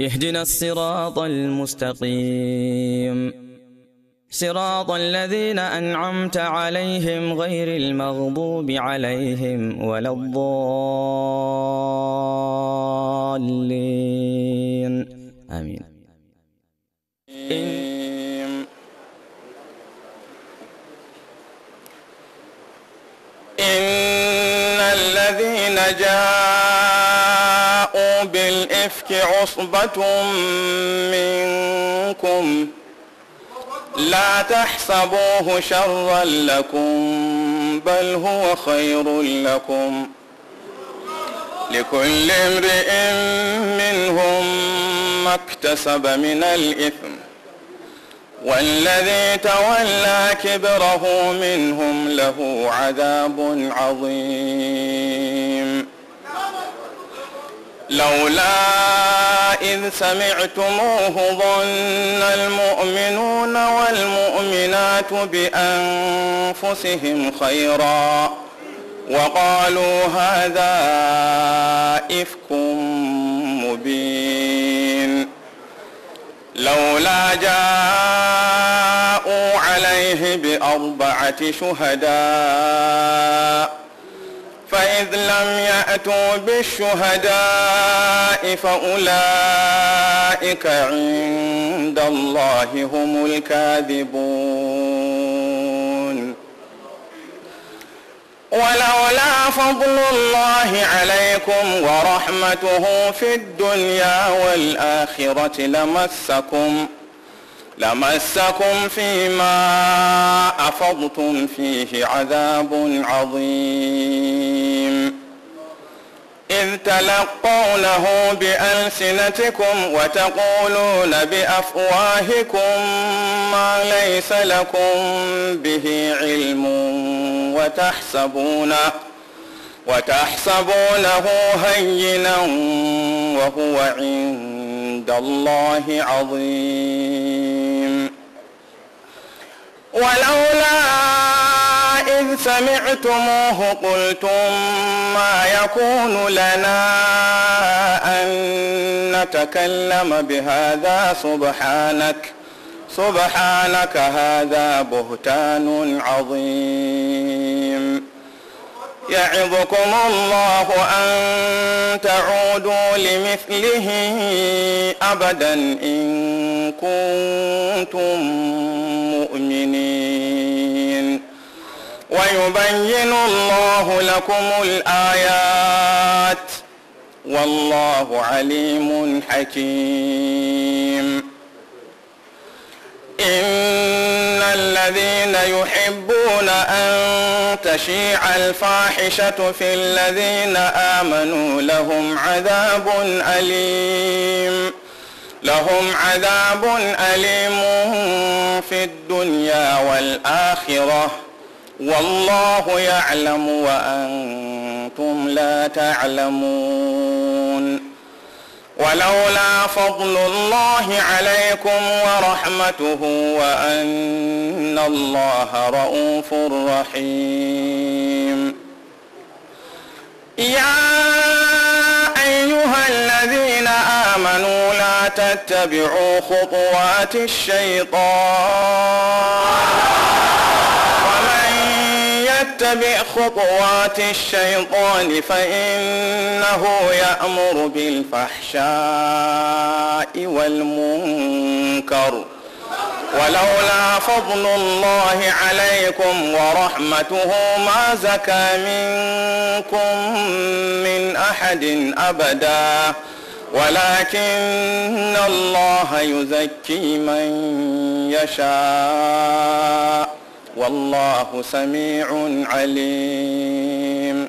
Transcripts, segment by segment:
اهدنا الصراط المستقيم صراط الذين أنعمت عليهم غير المغضوب عليهم ولا الضالين آمين إن الذين جاءوا الإفك عصبة منكم لا تحسبوه شرا لكم بل هو خير لكم لكل امرئ منهم ما اكتسب من الإثم والذي تولى كبره منهم له عذاب عظيم لولا إذ سمعتموه ظن المؤمنون والمؤمنات بأنفسهم خيرا وقالوا هذا إفك مبين لولا جاءوا عليه بأربعة شهداء فإذ لم يأتوا بالشهداء فأولئك عند الله هم الكاذبون ولولا فضل الله عليكم ورحمته في الدنيا والآخرة لمسكم لمسكم فيما أفضتم فيه عذاب عظيم إذ تلقونه بألسنتكم وتقولون بأفواهكم ما ليس لكم به علم وتحسبونه وتحسبونه هينا وهو عند عند الله عظيم ولولا إذ سمعتموه قلتم ما يكون لنا أن نتكلم بهذا سبحانك سبحانك هذا بهتان عظيم يعظكم الله أن تعودوا لمثله أبدا إن كنتم مؤمنين ويبين الله لكم الآيات والله عليم حكيم إن الذين يحبون أن تشيع الفاحشة في الذين آمنوا لهم عذاب أليم لهم عذاب أليم في الدنيا والآخرة والله يعلم وأنتم لا تعلمون ولولا فضل الله عليكم ورحمته وأن الله رؤوف رحيم يا أيها الذين آمنوا لا تتبعوا خطوات الشيطان تتبع خطوات الشيطان فإنه يأمر بالفحشاء والمنكر ولولا فضل الله عليكم ورحمته ما زكى منكم من أحد أبدا ولكن الله يزكي من يشاء والله سميع عليم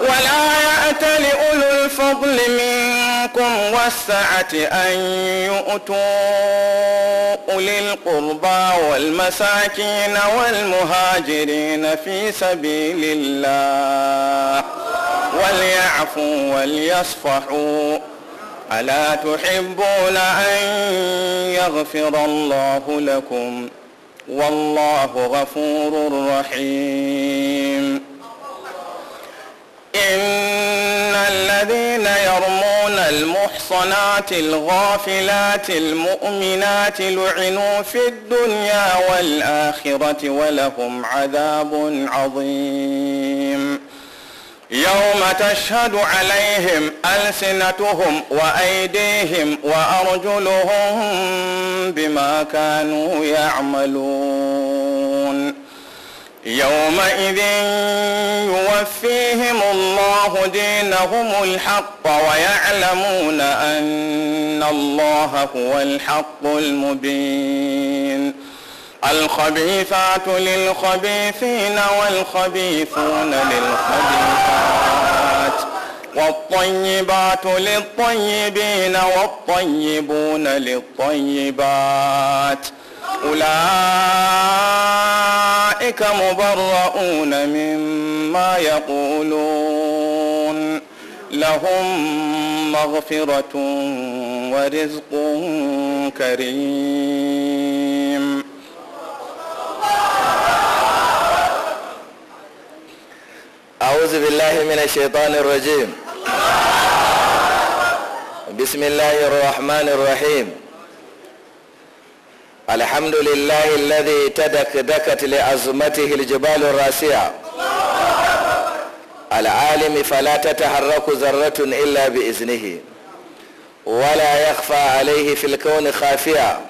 ولا يأت لأولو الفضل منكم والسعة أن يؤتوا أولي القربى والمساكين والمهاجرين في سبيل الله وليعفوا وليصفحوا ألا تحبون أن يغفر الله لكم ؟ والله غفور رحيم إن الذين يرمون المحصنات الغافلات المؤمنات لعنوا في الدنيا والآخرة ولهم عذاب عظيم يوم تشهد عليهم ألسنتهم وأيديهم وأرجلهم بما كانوا يعملون يومئذ يوفيهم الله دينهم الحق ويعلمون أن الله هو الحق المبين الخبيثات للخبيثين والخبيثون للخبيثات والطيبات للطيبين والطيبون للطيبات أولئك مبرؤون مما يقولون لهم مغفرة ورزق كريم أعوذ بالله من الشيطان الرجيم بسم الله الرحمن الرحيم الحمد لله الذي تدكدكت لعظمته الجبال الراسعة العالم فلا تتحرك ذرة إلا بإذنه ولا يخفى عليه في الكون خافئة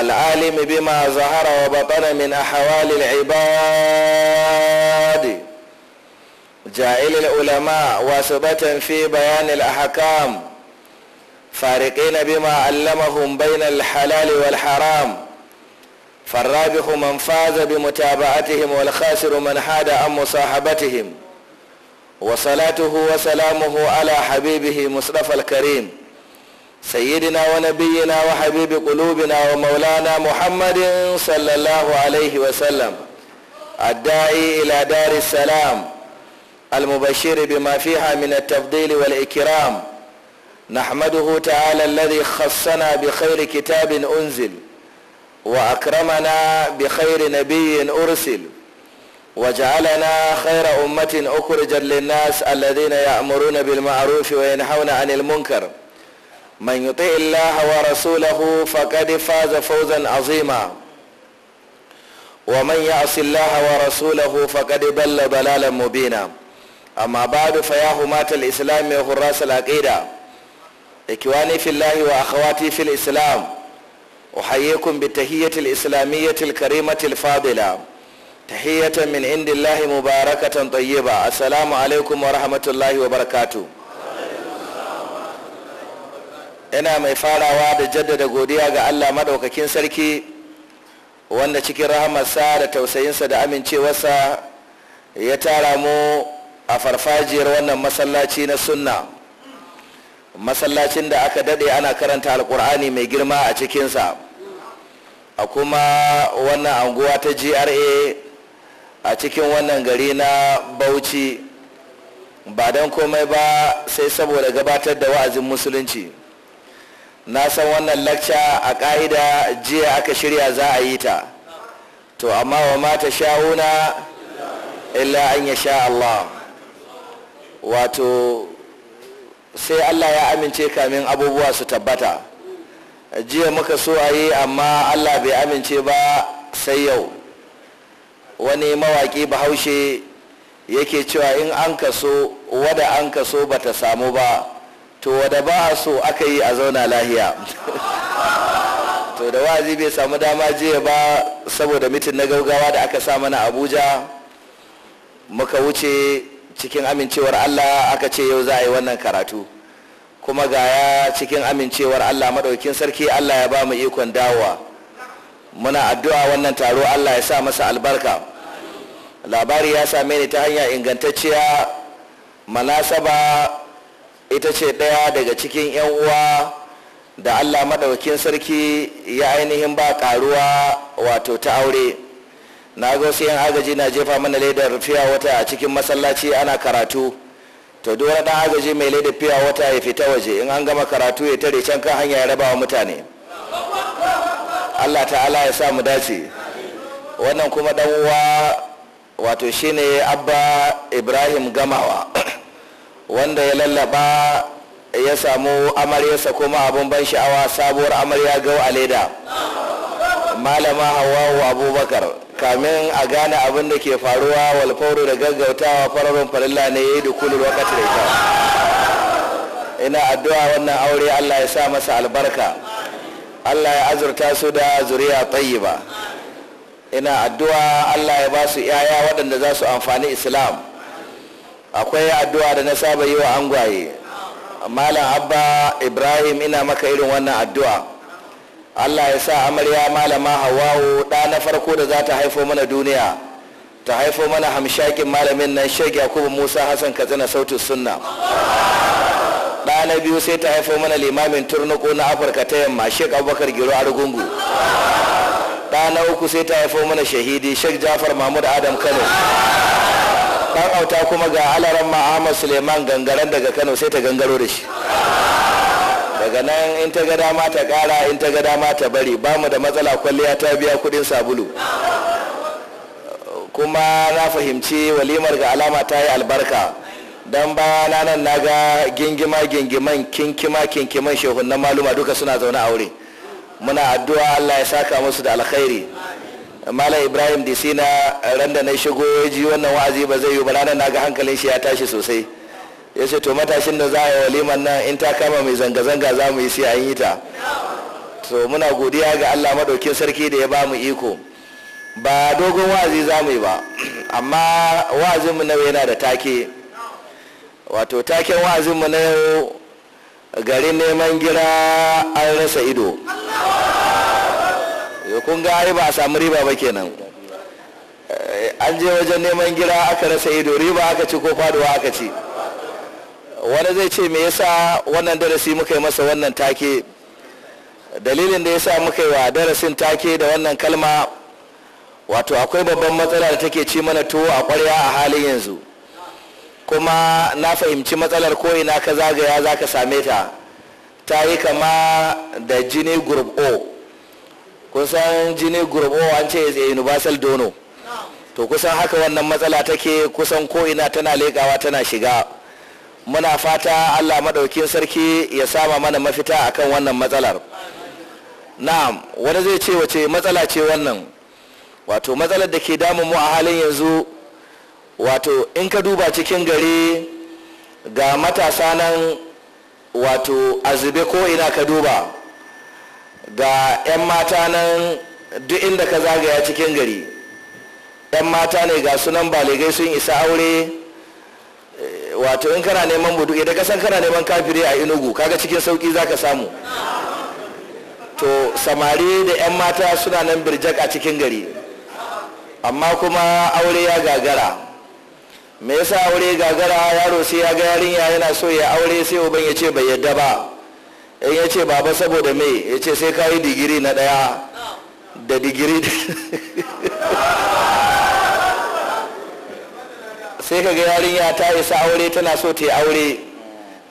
العالم بما ظهر وبطن من أحوال العباد جائل العلماء واسطة في بيان الأحكام فارقين بما علمهم بين الحلال والحرام فالرابح من فاز بمتابعتهم والخاسر من حاد عن مصاحبتهم وصلاته وسلامه على حبيبه مصطفى الكريم سيدنا ونبينا وحبيب قلوبنا ومولانا محمد صلى الله عليه وسلم الداعي إلى دار السلام المبشر بما فيها من التفضيل والإكرام نحمده تعالى الذي خصنا بخير كتاب أنزل وأكرمنا بخير نبي أرسل وجعلنا خير أمة أخرجت للناس الذين يأمرون بالمعروف وينحون عن المنكر من يطع الله ورسوله فقد فاز فوزا عظيما ومن يعص الله ورسوله فقد ضل ضلالا مبينا أما بعد فيا هماة الإسلام يا حراس العقيدة إخواني في الله وأخواتي في الإسلام أحييكم بالتحية الإسلامية الكريمة الفاضلة تحية من عند الله مباركة طيبة السلام عليكم ورحمة الله وبركاته yana mai farawa da jaddada godiya ga allah maɗaukakin sarki wanda cikin rahamarsa da tausayinsa da amincewarsa ya tara mu a farfajiyar wannan masallaci na sunna masallacin da aka daɗe ana karanta alkur'ani mai girma a cikinsa a kuma wannan anguwa ta gra a cikin wannan gari na bauchi ba don komai ba sai saboda gabatar da wa'azin musulunci na san wannan lakca a ƙa'ida jiya aka shirya za a yi ta to amma wa mata sha'una illa an ya sha Allah wato sai Allah ya amince kamin abubuwa su tabbata jiya muka so a yi amma Allah bai amince ba sai yau wani mawaƙi bahaushe yake cewa in an kaso wada an kaso ba ta samu ba to wada ba a so aka yi a zauna lahiya to da wazi bai samu dama jiya ba saboda mitin na gaugawa da aka sa na abuja muka wuce cikin amincewar allah aka ce yau za a yi wannan karatu kuma ga ya cikin amincewar allah maɗaukin sarki allah ya ba mu ikon dawowa muna addu'a wannan taro allah ya sa masa albarka labari ya same ni ta hanya ingantacciya manasaba ita ce ɗaya daga cikin 'yan uwa da allah maɗaukin sarki ya ainihin ba ƙaruwa wato ta aure na ga wasu 'yan agaji na jefa mana ledar fiya wata a cikin masallaci ana karatu to duk wani ɗan agaji mai ledar fiya wata ya fita waje in an gama karatu ya tare can kan hanya ya raba wa mutane allah ta'ala ya sa mu dace wannan kuma ɗan uwa wato shine abba ibrahim gamawa wanda ya lallaba ya samu amaryarsa kuma abin ban sha'awa sabuwar amarya gau a leda malama hawawu abubakar kamin a gane abin da ke faruwa walfauru da gaggautawa fararen farilla ne ya yi dukulu lokacin da ita ina addu'a wannan aure allah ya sa masa albarka allah ya azurta su da zuriya tayyiba ina addu'a allah ya ba su 'ya'ya waɗanda za su amfani islam akwai addu'a da na saba yi wa angwaye malam abba ibrahim ina maka irin wannan addu'a allah ya sa amarya malama hawawo ɗa na farko da za ta haifo mana duniya ta haifo mana hamshakin malamin nan shek yakubu musa hassan katsina sautin sunna ɗa na biyu sai ta haifo mana limamin turnuku na afirka ta yamma shek abubakar giro argungu ɗa na uku sai ta haifo mana shahidi shek jafar mahmud adam kano ƙarƙauta kuma ga alaran Ahmad suleiman gangaren daga kano sai ta gangaro da shi daga nan in ta ga dama ta ƙara in ta ga dama ta bari ba mu da matsala kwalliya ta biya kudin sabulu kuma na fahimci walimar ga alama ta yi albarka don bayana nan na ga gingima gingiman kinkima kinkiman shehunan maluma duka suna zaune a wuri muna addu'a allah ya saka musu da alkhairi malam ibrahim dc na ran da na shigo ya wannan wa'azi ba zai yi ba ranar na ga hankalin shi ya tashi sosai yace to matashin da za a yi waliman nan in ta kama mai zanga-zanga za mu yi sai an yi ta to muna godiya ga allah madaukin sarki da ya ba mu iko ba dogon wa'azi za mu yi ba amma wa'azinmu na yana da take wato taken wa'azinmu na yau garin neman gira an rasa ido kun ga ai ba a samu riba ba kenan eh, an je wajen neman gira aka rasa ido riba aka ci ko faduwa aka ci wani zai ce me yasa wannan darasi muka yi masa wannan take dalilin da yasa muka yi wa darasin take da wannan kalma wato akwai babban matsala da take ci mana tuwo a kwarya a halin yanzu kuma na fahimci matsalar ina ka zagaya za ka same ta ta yi kama da jini group o Kun san jini gurbo an ce a universal dono to kusan haka wannan matsala take kusan ko ina tana lekawa tana shiga muna fata allah maɗaukin sarki ya sama mana mafita akan wannan matsalar na'am wani zai ce wace matsala ce wannan wato matsalar da ke damun mu a halin yanzu wato in ka duba cikin gari ga matasa nan wato azube ko ina ka duba ga 'yan mata nan duk inda ka zagaya cikin gari 'yan mata ne ga sunan baligai sun isa aure wato in kana neman budu idan kasan kana neman kafire a inugu kaga cikin sauki za ka samu to samari da 'yan mata suna nan birjak a cikin gari amma kuma aure ya gagara me yasa aure gagara yaro sai ya ga yarinya yana so ya aure sai uban ya ce bai yadda ba in ya ce baba saboda me ya ce sai kayi yi digiri na ɗaya da digiri sai ka ga yarinya ta isa aure tana so ta yi aure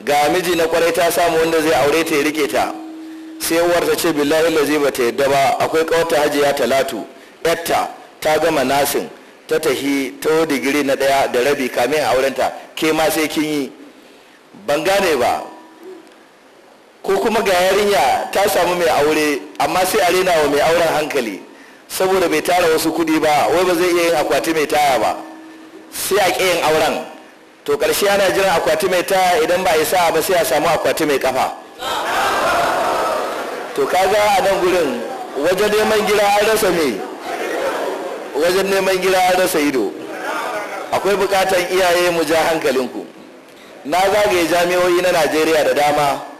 ga miji na kwarai ta samu wanda zai aure ta ya rike ta sai uwar ta ce billahi lazi ba ta yadda ba akwai kawata hajiya talatu yatta ta gama nasin ta tahi ta digiri na ɗaya da rabi kamin aurenta ke ma sai kin yi ban gane ba ko kuma ga yarinya ta samu mai aure amma sai a rena wa mai auren hankali saboda bai tara wasu kudi ba wai ba zai iya yin akwati mai taya ba sai a ƙi yin auren to ƙarshe ana jiran akwati mai taya idan ba a sa ba sai a samu akwati mai kafa to kaga a nan gurin wajen neman gira an rasa me wajen neman gira an rasa ido akwai bukatan iyaye mu ja hankalinku na zagaye jami'o'i na najeriya da dama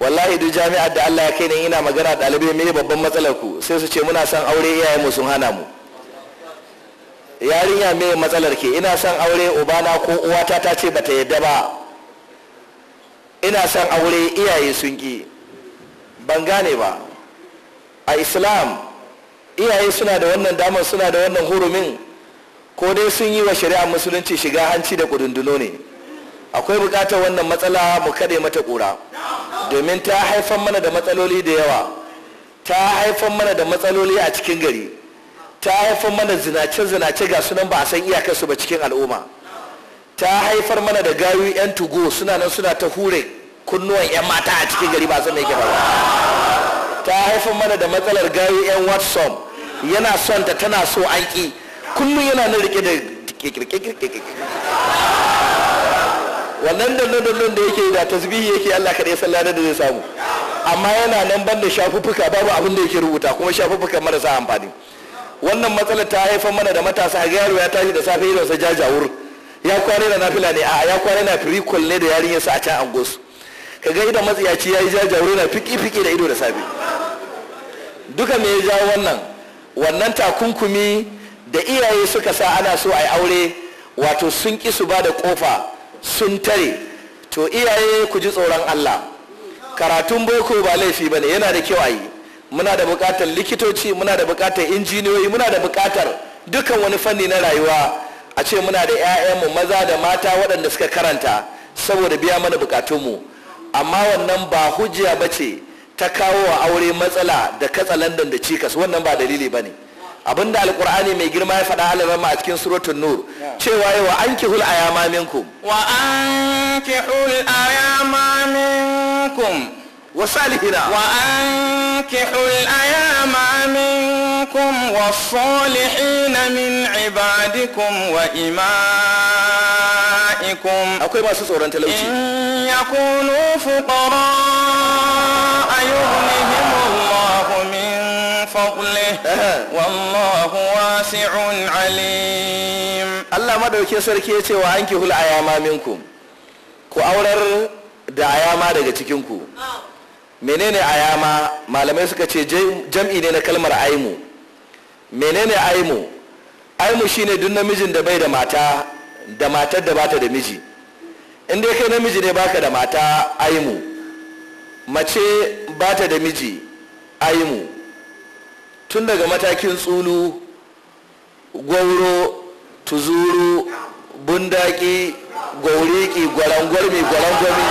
wallahi duk jami'ar da Allah ya kai ni ina magana ɗalibai me babban matsalar ku sai su ce muna son aure iyaye mu sun hana mu yarinya me matsalar ke ina son aure ubana ko uwata ta ce bata yadda ba ina son aure iyaye sun ki ban gane ba a islam iyaye suna da wannan damar suna da wannan hurumin ko dai sun yi wa shari'a musulunci shiga hanci da kudunduno ne akwai bukatar wannan matsala mu kade mata kura domin ta haifar mana da matsaloli da yawa ta haifar mana da matsaloli a cikin gari ta haifar mana zinace-zinace ga sunan ba a san iyakarsu ba cikin al'umma ta haifar mana da gayu 'yan tugo suna nan suna ta hure kunnuwan 'yan mata a cikin gari ba san me ba ta haifar mana da matsalar gayu 'yan watson yana son ta tana so an ƙi kullum yana nan rike da wannan dallon dallon da yake da tasbihi yake Allah kaɗai san da zai samu amma yana nan ban da shafuffuka babu abin da yake rubuta kuma shafuffukan marasa amfani wannan matsalar ta haifar mana da matasa a yaro ya tashi da safe idonsa jajawur ya kware da nafila ne a ya kware na prequel ne da yarinyarsa a can angos kaga idan matsiyaci ya yi jajawur na fiki-fiki da ido da safe duka me ya jawo wannan wannan takunkumi da iyaye suka sa ana so a yi aure wato sun ki su ba da kofa sun tare to iyaye ku ji tsoron Allah karatun boko ba laifi ba ne yana da kyau a yi muna da buƙatar likitoci muna da buƙatar injiniyoyi muna da bukatar dukkan wani fanni na rayuwa a ce muna da 'ya'yanmu maza da mata waɗanda suka karanta saboda biya mana mu amma wannan ba hujja ba ce ta kawo wa aure matsala da katsalandan da cikas wannan ba dalili ba ne abinda alkur'ani mai girma ya faɗa alamama a cikin suratun nur cewa yi wa an kihul ayama minkum wa an kihul ayama minkum wa salihina wa an kihul ayama minkum wa salihina min ibadikum wa imaikum akwai masu tsoron talauci in yakunu fuqara ayyuhumihimullah فضله والله واسع عليم الله مدوكي سركي يتي وأنكه الأيام منكم ku aurar da ayama daga cikinku menene ayama malamai suka ce jam'i ne na kalmar aimu menene aimu aimu shine duk namijin da bai da mata da matar da bata da miji in dai kai namiji ne baka da mata aimu mace bata da miji aimu tun daga matakin tsulu gwauro tuzuru bundaki gwauriki gwarangwarmi gwarangwarmi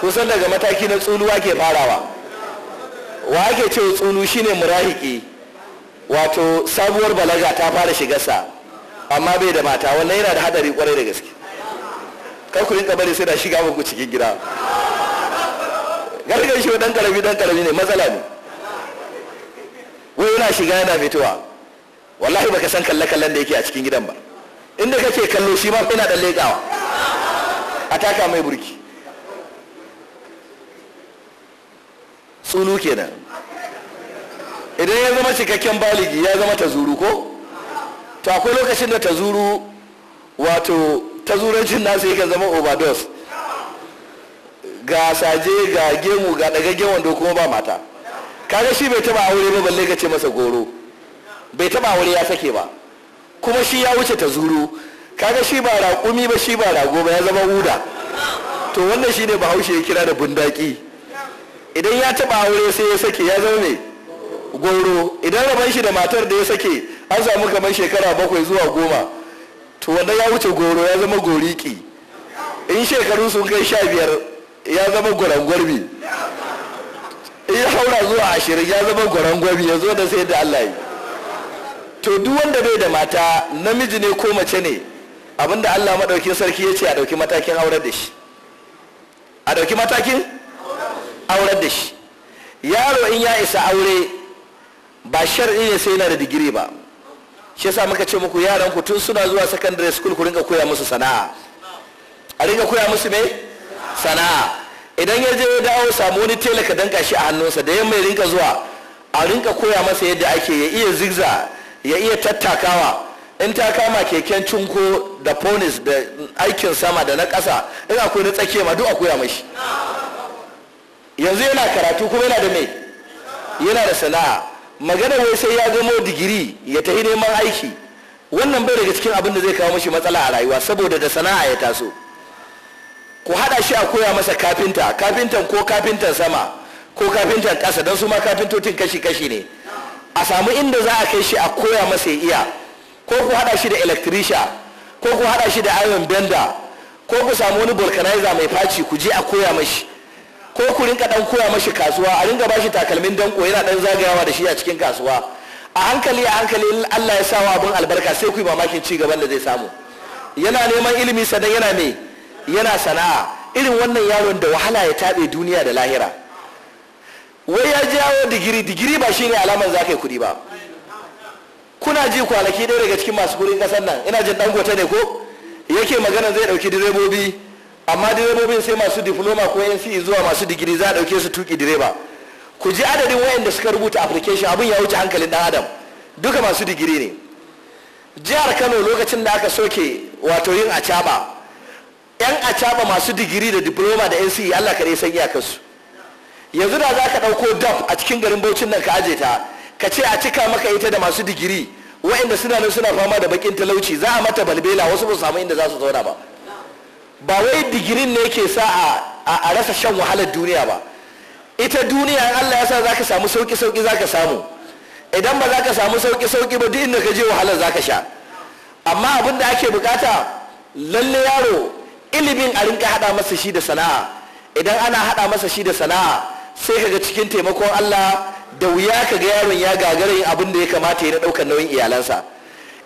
kusan daga mataki na tsulu ake farawa wa ake ce tsulu shine murahiki wato sabuwar balaga ta fara shigarsa amma bai da mata wannan yana da hadari kwarai da gaske kar ku yi sai da shiga muku cikin gida gargar shi dan karami dan karami ne matsala ne wai yana shiga yana fitowa wallahi baka san kalle kallon da yake a cikin gidan ba inda kake kallo shi ma yana dan lekawa a taka mai burki tsulu kenan idan ya zama cikakken baligi ya zama ta zuru ko to akwai lokacin da ta zuru wato ta zurancin nasu yakan zama overdose ga saje ga gemu ga dagaggen wando kuma ba mata kaga shi bai taba aure ba balle ka ce masa goro bai taba aure ya sake ba kuma shi ya wuce ta zuru kaga shi ba raƙumi ba shi ba rago ba ya zama huda to wannan shi ne bahaushe ya kira da bundaki idan ya taba aure sai ya sake ya zama ne goro idan raban shi da matar da ya sake an samu kamar shekara bakwai zuwa goma to wanda ya wuce goro ya zama goriki in shekaru sun kai sha biyar ya zama gwarangwarmi in ya haura zuwa ashirin ya zama gwarangwarmi ya zo da sai da Allah yi to duk wanda bai da mata namiji ne ko mace ne abinda Allah maɗaukin sarki ya ce a ɗauki matakin aurar da shi a ɗauki matakin aurar da shi yaro in ya isa aure ba shar'i ne sai yana da digiri ba shi yasa muka ce muku yaran ku tun suna zuwa secondary school ku rinka koya musu sana'a a rinka koya musu me sana'a idan ya je ya dawo samu wani tela ka danka shi a hannunsa da yamma ya rinka zuwa a rinka koya masa yadda ake ya iya zigza ya iya tattakawa in ta kama keken cunko da ponis da aikin sama da na ƙasa in akwai na tsakiya ma duk a koya mashi yanzu yana karatu kuma yana da mai yana da sana'a magana wai sai ya gamo digiri ya tafi neman aiki wannan bai daga cikin abin da zai kawo mashi matsala a rayuwa saboda da sana'a ya taso ku haɗa shi a koya masa kafinta kafintan ko kafintan sama ko kafintan kasa don su ma kafintotin kashi-kashi ne a samu inda za a kai shi a koya masa iya ko ku haɗa shi da electrician ko ku haɗa shi da iron bender ko ku samu wani vulcanizer mai faci ku je a koya mashi ko ku rinka dan koya mashi kasuwa a rinka bashi takalmin danko yana dan zagayawa da shi a cikin kasuwa a hankali a hankali Allah ya sa wa abin albarka sai ku yi mamakin ci gaban da zai samu yana neman ilimi sannan yana mai yana sana'a irin wannan yaron da wahala ya taɓe duniya da lahira wai ya jawo digiri digiri ba shi ne alamar za ka yi kuɗi ba kuna ji kwanaki ɗaya daga cikin masu gurin ƙasar nan ina jin dangote ne ko yake magana zai ɗauki direbobi amma direbobin sai masu diploma ko nce zuwa masu digiri za a ɗauke su tuki direba ku ji adadin wayanda suka rubuta application abin ya wuce hankalin ɗan adam duka masu digiri ne jihar kano lokacin da aka soke wato yin acaba yan acaba masu digiri da diploma da nce allah kare san kansu yanzu da za ka ɗauko daf a cikin garin baucin nan ka aje ta ka ce a cika maka ita da masu digiri waɗanda suna nan suna fama da bakin talauci za a mata balbela wasu ba samu inda za su zauna ba ba wai digirin ne ke sa a rasa shan wahalar duniya ba ita duniya in allah ya sa za ka samu sauki sauki za ka samu idan ba za ka samu sauki sauki ba duk inda ka je wahalar za ka sha amma abin da ake bukata lalle yaro ilimin a rinka hada masa shi da sana'a idan ana hada masa shi da sana'a sai kaga cikin taimakon Allah da wuya ka ga yaron ya gagara yin abin da ya kamata ya na daukar nauyin iyalansa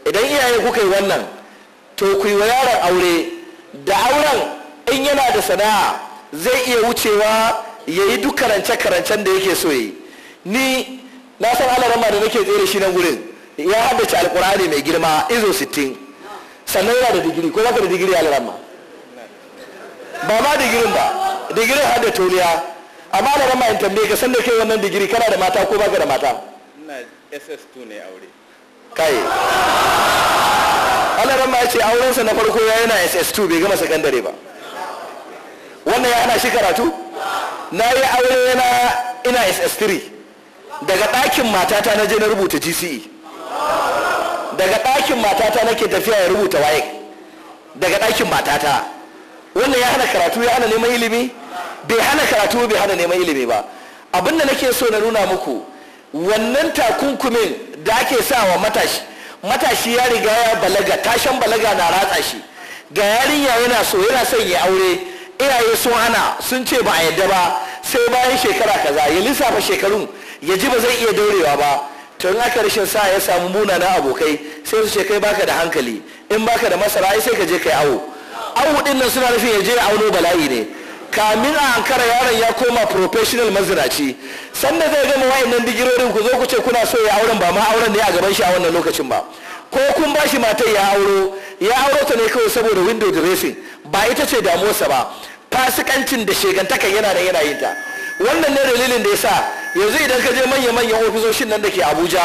idan iyaye kuka yi wannan to ku yi wa yaron aure da auren in yana da sana'a zai iya wucewa ya yi duk karance-karancen da yake so yi ni na san alarama da nake tsere shi nan gurin ya haddace alkur'ani mai girma izo 60 sannan yana da digiri ko baka da digiri alarama ba ma digirin ba digirin har da toliya amma da rama in tambaye ka san da kai wannan digiri kana da mata ko baka da mata ina ss2 ne aure kai Allah rama ya ce aurensa na farko ya yana ss2 bai gama sakandare ba wannan ya hana shi karatu na yi aure na ina ss3 daga ɗakin matata na je na rubuta gce daga ɗakin matata nake tafiya ya rubuta waye daga ɗakin matata wannan ya hana karatu ya hana neman ilimi bai hana karatu bai hana neman ilimi ba abin da nake so na nuna muku wannan takunkumin da ake sawa matashi matashi ya riga ya balaga tashan balaga na ratsa shi ga yarinya yana so yana son ya aure iyaye sun hana sun ce ba a yadda ba sai bayan shekara kaza ya lissafa shekarun ya ji ba zai iya daurewa ba to in aka rashin sa ya samu munanan abokai sai su ce kai baka da hankali in baka da masara sai ka je kai awo awu din nan suna nufin ya je auno bala'i ne kamin a ankara yaron ya koma professional maziraci sanda zai gama wayannan digirorin ku zo ku ce kuna so ya auren ba ma auren ne a gaban shi a wannan lokacin ba ko kun ba shi matar ya auro ya auro ta ne kawai saboda window dressing ba ita ce damuwarsa ba fasikancin da shegantakan yana da yana ta wannan ne dalilin da ya sa yanzu idan ka je manya-manyan ofisoshin nan da ke abuja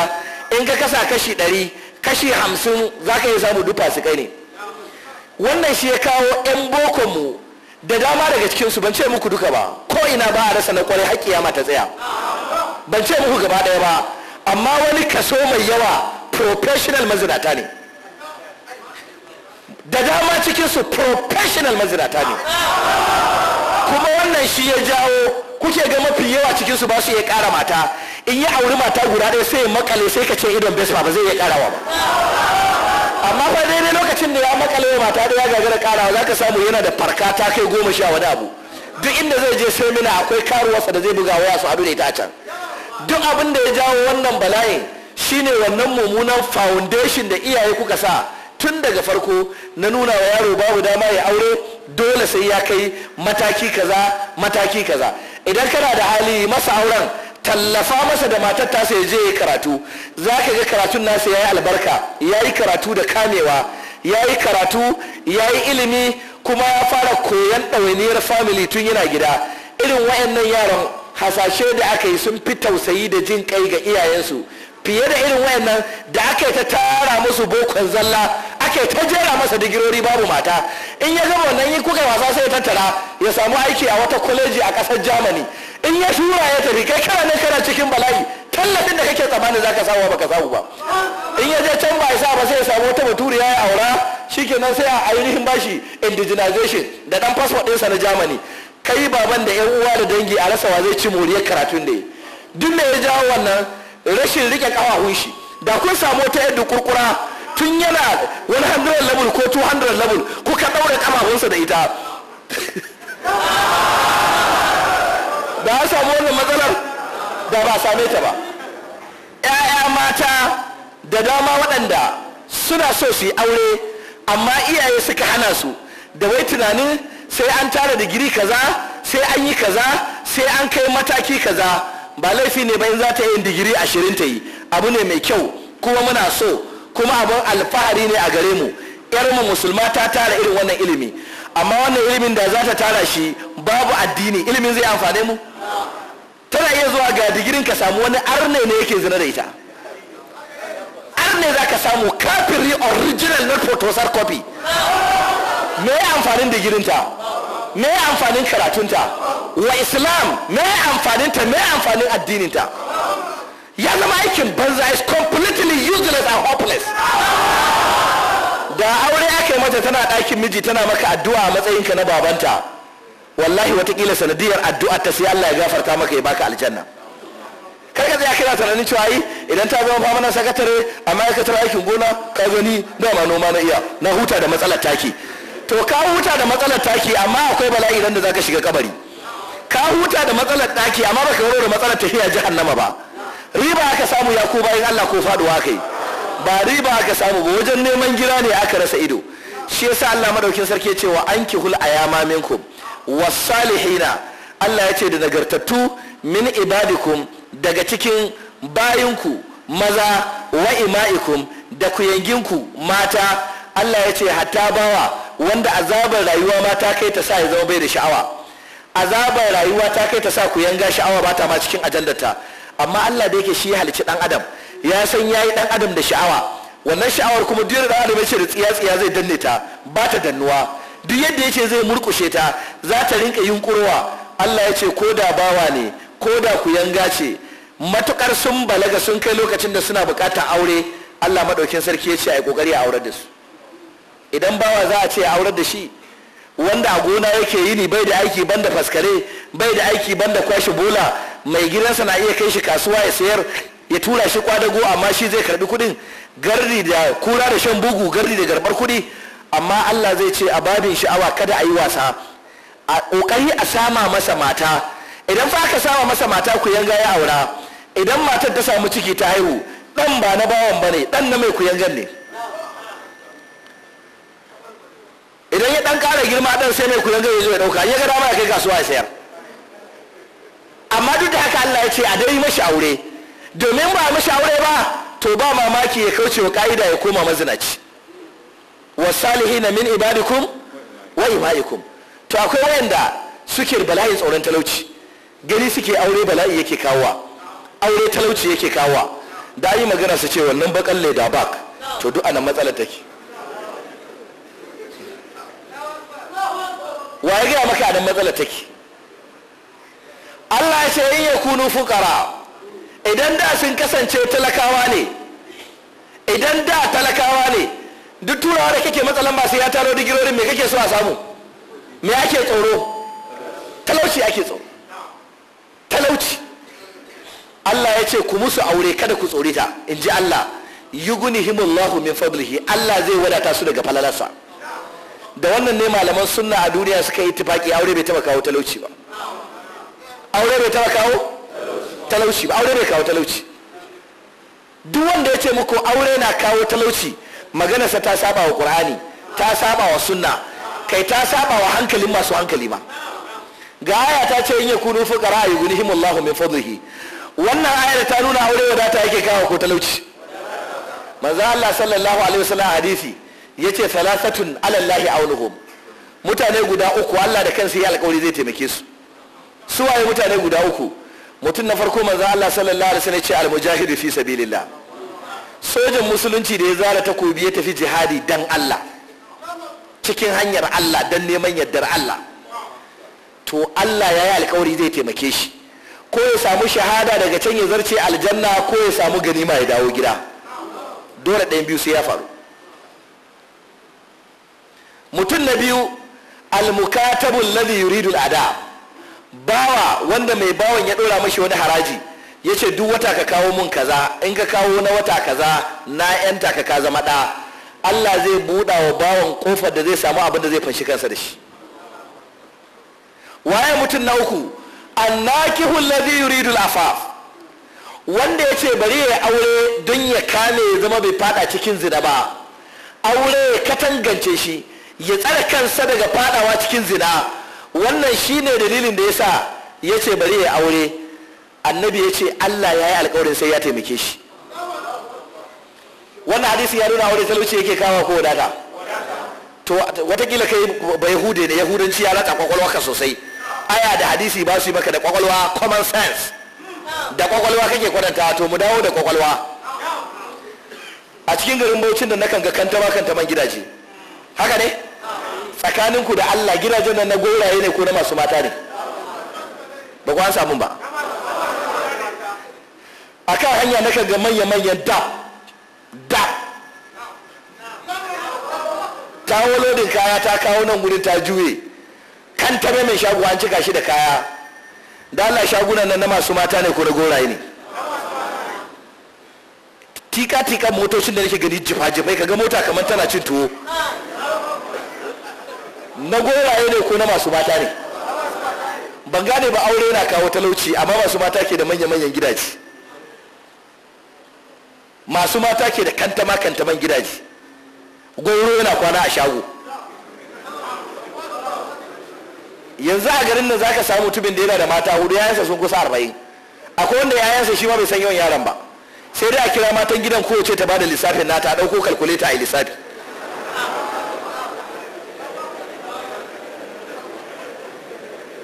in ka kasa kashi ɗari kashi hamsin za ka iya samu duk fasikai ne wannan shi ya kawo 'yan boko mu da dama daga cikinsu ban ce muku duka ba ko ina ba a rasa na kwarai haƙƙi ya mata tsaya ban ce muku gaba ɗaya ba amma wani kaso mai yawa professional mazinata ne da dama cikinsu professional mazinata ne kuma wannan shi ya jawo kuke ga mafi yawa cikinsu ba su iya ƙara mata in yi auri mata guda ɗaya sai ya makale sai ka ce idon besma ba zai iya ƙarawa ba amma fa daidai lokacin da ya makale mata da ya gagara karawa za ka samu yana da farka ta kai goma sha wani abu duk inda zai je sai mina akwai karuwarsa da zai buga waya su abu da ita can duk abin da ya jawo wannan bala'in shine wannan mummunan foundation da iyaye kuka sa tun daga farko na nuna wa yaro babu dama ya aure dole sai ya kai mataki kaza mataki kaza idan kana da hali masa auren tallafa masa da matar tasa ya je ya karatu za ka ga karatun nasa ya yi albarka ya yi karatu da kamewa ya yi karatu ya yi ilimi kuma ya fara koyan ɗawainiyar family tun yana gida irin wayannan yaran hasashe da aka yi sun fi tausayi da jin kai ga iyayensu fiye da irin wayannan da aka ta tara musu bokon zalla ake ta jera masa digirori babu mata in ya gama wannan yi kuka wasa sai ya tattara ya samu aiki a wata kwaleji a ƙasar germany in ya shura ya tafi kai kana ne kana cikin bala'i tallafin da kake tsammanin zaka samu baka samu ba in ya je can ba ya sa ba sai ya samu wata baturiya ya aura shikenan sai a ainihin bashi indigenization da dan passport ɗinsa na Germany kai baban da yan uwa da dangi a rasa wa zai ci moriyar karatun da ya duk da ya jawo wannan rashin rike kafafun shi da kun samu ta yadda kurkura tun yana 100 level ko 200 level kuka daure kafafunsa da ita da ya samu wannan matsalar da ba same ta ba 'ya'ya mata da dama waɗanda suna so su yi aure amma iyaye suka hana su da wai tunanin sai an tara digiri kaza sai an yi kaza sai an kai mataki kaza ba laifi ne ba in za ta yi digiri ashirin ta yi abu ne mai kyau kuma muna so kuma abin alfahari ne a gare mu yarmu musulma ta tara irin wannan ilimi amma wannan ilimin da za ta tara shi babu addini ilimin zai amfane mu tana iya zuwa ga digirin ka samu wani arne ne yake zina da ita arne za ka samu kafiri original na photosar copy me amfanin digirinta me amfanin karatunta wa islam me amfaninta me amfanin addininta ya zama aikin banza is completely useless and hopeless da aure aka yi mata tana ɗakin miji tana maka addu'a a matsayinka na babanta wallahi watakila sanadiyar addu'a ta sai Allah ya gafarta maka ya baka aljanna kar ka tsaya kira tunanin cewa yi idan ta zama famanan sakatare a ma'aikatar aikin gona ka gani dama noma na iya na huta da matsalar taki to ka huta da matsalar taki amma akwai bala'i idan da zaka shiga kabari ka huta da matsalar taki amma baka warware matsalar tafiya jahannama ba riba aka samu ya ko bayan Allah ko faduwa kai ba riba aka samu ba wajen neman gida ne aka rasa ido shi yasa Allah madaukin sarki ya ce wa hul ayama minkum wasalihina Allah ya ce da nagartattu min ibadikum daga cikin bayinku maza wa ima'ikum da kuyanginku mata Allah ya ce hatta bawa wanda azabar rayuwa ma ta kai ta sa ya zama bai da sha'awa azabar rayuwa ta kai ta sa ku yanga sha'awa ba ta ma cikin ajandarta amma Allah da yake shi ya halicci dan adam ya san yayi dan adam da sha'awa wannan sha'awar kuma duk da adam ya ce da tsiya tsiya zai danne ta ba ta dannuwa duk yadda yake zai murkushe ta za ta rinka yunkurwa Allah ya ce ko da bawa ne ko da ku yanga ce matukar sun balaga sun kai lokacin da suna bukatar aure Allah madaukin sarki ya ce a yi kokari a aurar da su idan bawa za a ce a aurar da shi wanda a gona yake yi ne bai da aiki banda faskare bai da aiki banda kwashe bola mai gidansa na iya kai shi kasuwa ya sayar ya tura shi kwadago amma shi zai karbi kuɗin gardi da kura da shan bugu gardi da garbar kuɗi. amma Allah zai ce a babin sha'awa kada a yi wasa a kokari a sama masa mata idan fa aka sama masa mata ku yanga ya aura idan matar ta samu ciki ta haihu dan ba na bawan bane dan na mai ku yangan ne idan ya dan kara girma dan sai mai ku yanga ya zo ya dauka ya ga dama ya kai kasuwa ya sayar amma duk da haka Allah ya ce a dai mashi aure domin ba mashi aure ba to ba mamaki ya kauce wa ka'ida ya koma mazinaci wasalihina min ibadikum wa imaikum to akwai wayanda suke bala'in tsoron talauci gani suke aure bala'i yake kawowa aure talauci yake kawowa da yi magana su ce wannan bakan da bak to duk anan matsalar take wa ya gaya maka anan matsalar take Allah ya ce in ya kunu fukara idan da sun kasance talakawa ne idan da talakawa ne duk turawa da kake matsa ba sai ya taro digirorin me kake so a samu me ake tsoro talauci ake tsoro talauci Allah ya ce ku musu aure kada ku tsorita in ji Allah yugunihimullahu min fadlihi Allah zai wadata su daga falalarsa da wannan ne malaman sunna a duniya suka yi tufaki aure bai taba kawo talauci ba aure bai taba kawo talauci ba aure bai kawo talauci duk wanda ya ce muku aure na kawo talauci maganarsa ta saba wa ƙur'ani ta saba wa sunna kai ta saba wa hankalin masu hankali ma ga aya ta ce in yakunu fuqara yughnihim Allahu min fadlihi wannan da ta nuna aure wadata yake kawo ko talauci manzo Allah sallallahu alaihi wasallam hadisi yace thalathatun ala wani auluhum mutane guda uku Allah da kansa ya alƙawari zai taimake su su waye mutane guda uku mutum na farko manzo Allah sallallahu alaihi wasallam ya ce al fi sabilillah sojan musulunci da ya zara takobi ya tafi jihadi dan Allah cikin hanyar Allah dan neman yardar Allah to Allah ya yi alkawari zai taimake shi ko ya samu shahada daga can ya zarce aljanna ko ya samu ganima ya dawo gida dole ɗayan biyu sai ya faru mutum na biyu almukatabun ladhi yuridu al'ada bawa wanda mai bawan ya ɗora mashi wani haraji ya ce duk wata ka kawo mun kaza in ka kawo na wata kaza na yanta ka zama ɗa allah zai buɗa wa bawan kofar da zai samu abin da zai fanshi kansa da shi waye mutum na uku annakihu alladhi yuridu al-afaf wanda yace bari ya aure don ya kame ya zama bai fada cikin zina ba aure ya katangance shi ya tsara kansa daga fadawa cikin zina wannan shine dalilin da yasa yace bari ya aure annabi ya ce Allah ya yi alkawarin sai ya taimake shi wannan hadisi ya nuna wani talauci yake kawo ko wadata to watakila kai ba yahude ne yahudanci ya rata kwakwalwa ka sosai aya da hadisi ba su yi maka da kwakwalwa common sense da kwakwalwa kake kwadanta to mu dawo da kwakwalwa a cikin garin baucin da nakan ga kanta ma kanta man gidaje haka ne tsakaninku da Allah gidajen nan na goraye ne ko na masu mata ne ba ku an samu ba a kan hanya na ga manya-manyan da da kawo lodin kaya ta kawo nan gudun ta juye kan tare mai shaguwa an cika shi da kaya da Allah shagunan nan na masu mata ne ko da goraye ne tika-tika motocin da nake gani jifa-jifai kaga mota kamar tana cin tuwo na goraye ne ko na masu mata ne ban gane ba aure yana kawo talauci amma masu mata ke da manya-manyan gidaje masu mata ke da kanta kantama kantaman gidaje gwauro yana kwana a shago yanzu a garin nan zaka samu mutumin da yana da mata hudu yayansa sun kusa arba'in akwai wanda yayansa shi ma bai san yawan yaran ba sai dai a kira matan gidan kowace ta bada lissafin nata a ɗauko kalkuleta a lissafi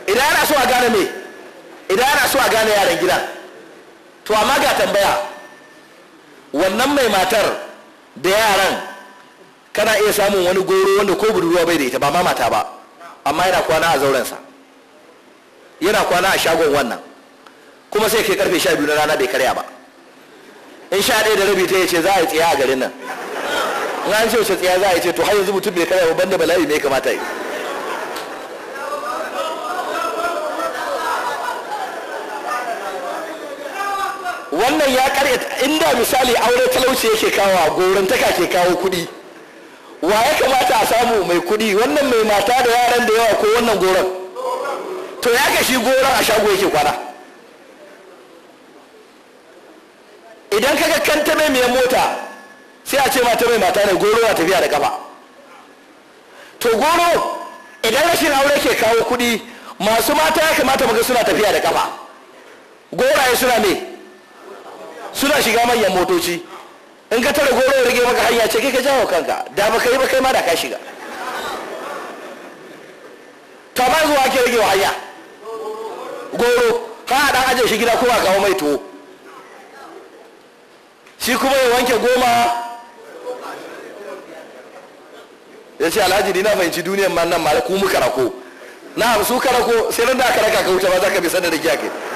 idan ana so a gane me idan ana so a gane yaran gidan to amma ga tambaya wannan mai matar da yaran kana iya samun wani goro wanda ko budurwa bai da ita ba ma mata ba amma yana kwana a zaurensa yana kwana a shagon wannan kuma sai kai karfe sha biyu na rana bai karya ba in sha ɗaya da rabi ta ce za a yi tsaya a garin nan in an ce wace tsaya za a yi ce to har yanzu mutum bai karya ba banda bala'i mai kamata yi wannan ya karyata inda misali aure talauci yake kawo gorantaka ke kawo kudi wa ya kamata a samu mai kudi wannan mai mata da yaran da yawa ko wannan goron to ya ga shi goron a shago yake kwana idan kaga kanta mai mai mota sai a ce mata mai mata ne goro na tafiya da kafa to goro idan rashin aure ke kawo kudi masu mata ya kamata muga suna tafiya da kafa goraye suna ne suna shiga manyan motoci in ka tare goro rage maka hanya ce kai ka jawo kanka da ba kai ba kai ma da ka shiga to ba zuwa ake rage hanya goro ka dan aje shi gida kuma kawo mai tuwo shi kuma ya wanke goma ya ce alhaji dina fahimci duniyan man nan ma ku mu karako na su karako sai nan da aka raka ka wuce ba za ka bi sanar da kai